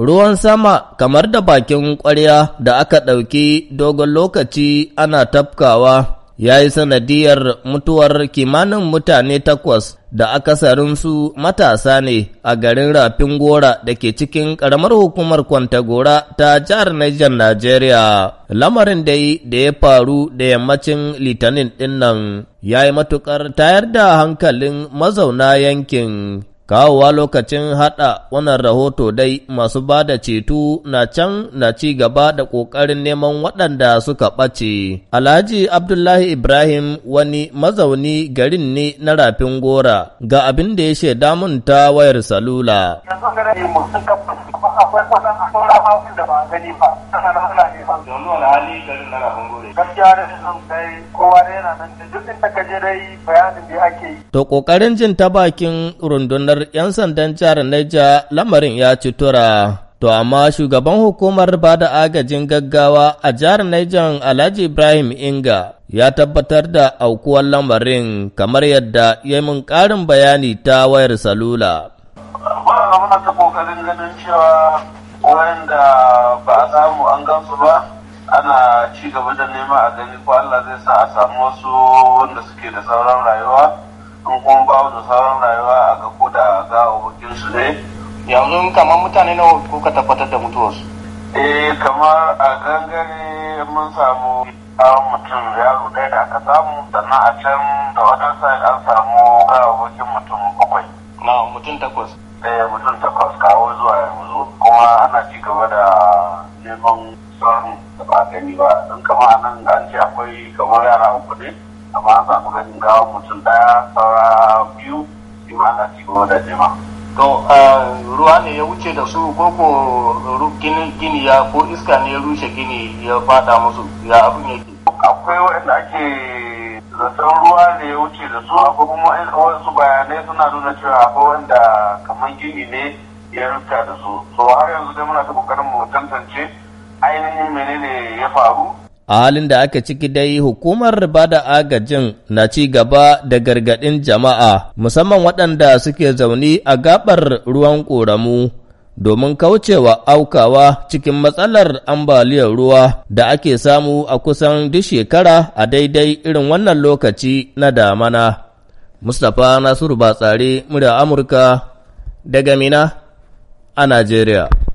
Ruwan sama kamar da bakin ƙwarya da aka ɗauki dogon lokaci ana tafkawa ya yi sanadiyar mutuwar kimanin mutane takwas da akasarinsu matasa ne a garin Rafin Gora da ke cikin ƙaramar hukumar Kwantagora ta jihar Niger Najeriya. Lamarin dai da ya faru da yammacin Litinin ɗinnan ya yi matuƙar tayar da hankalin mazauna yankin. Kawowa lokacin haɗa wannan rahoto dai masu ba da ceto na can na ci gaba da ƙoƙarin neman waɗanda suka ɓace. Alhaji Abdullahi Ibrahim wani mazauni garin ne na rafin gora ga abin da ya shaida mun ta wayar salula. kowa da yana nan da duk inda ka bayanin da ake yi. To kokarin jin ta bakin rundunar 'yan sandan jihar Niger lamarin ya ci tura. To amma shugaban hukumar ba da agajin gaggawa a jihar Niger Alhaji Ibrahim Inga ya tabbatar da aukuwar lamarin kamar yadda ya min ƙarin bayani ta wayar salula. Ba ta ganin cewa wayanda ba a samu an gansu ba ana ci gaba da nema a gani ko Allah zai sa a samu wasu wanda suke da sauran rayuwa in kuma babu da sauran rayuwa a ga ko da ga su ne yanzu kamar mutane nawa kuka tabbatar da mutuwarsu eh kamar a gangare mun samu a mutum yaro ɗaya da aka samu sannan a can da wajen sai an samu abokin mutum bakwai na mutum takwas eh mutum takwas kawo zuwa yanzu kuma ana ci gaba da neman ba gani ba don kama nan an ce akwai kamar yara uku ne amma an samu ganin gawa mutum daya saura biyu shi ma ana ci gaba da jima to ruwa ne ya wuce da su ko ko gini ya ko iska ne ya rushe gini ya fada musu ya abin yake akwai wanda ake zaton ruwa ne ya wuce da su akwai kuma wasu bayanai suna nuna cewa akwai wanda kamar gini ne ya rufta da su to har yanzu dai muna ta kokarin A halin da aka ciki dai hukumar bada agajin na ci gaba da gargaɗin jama'a musamman waɗanda suke zauni a gaɓar ruwan ƙoramu domin kaucewa aukawa cikin matsalar ambaliyar ruwa da ake samu a kusan duk shekara a daidai irin wannan lokaci na damana. Mustapha Nasiru Batsari, murya Amurka, daga Mina a Najeriya.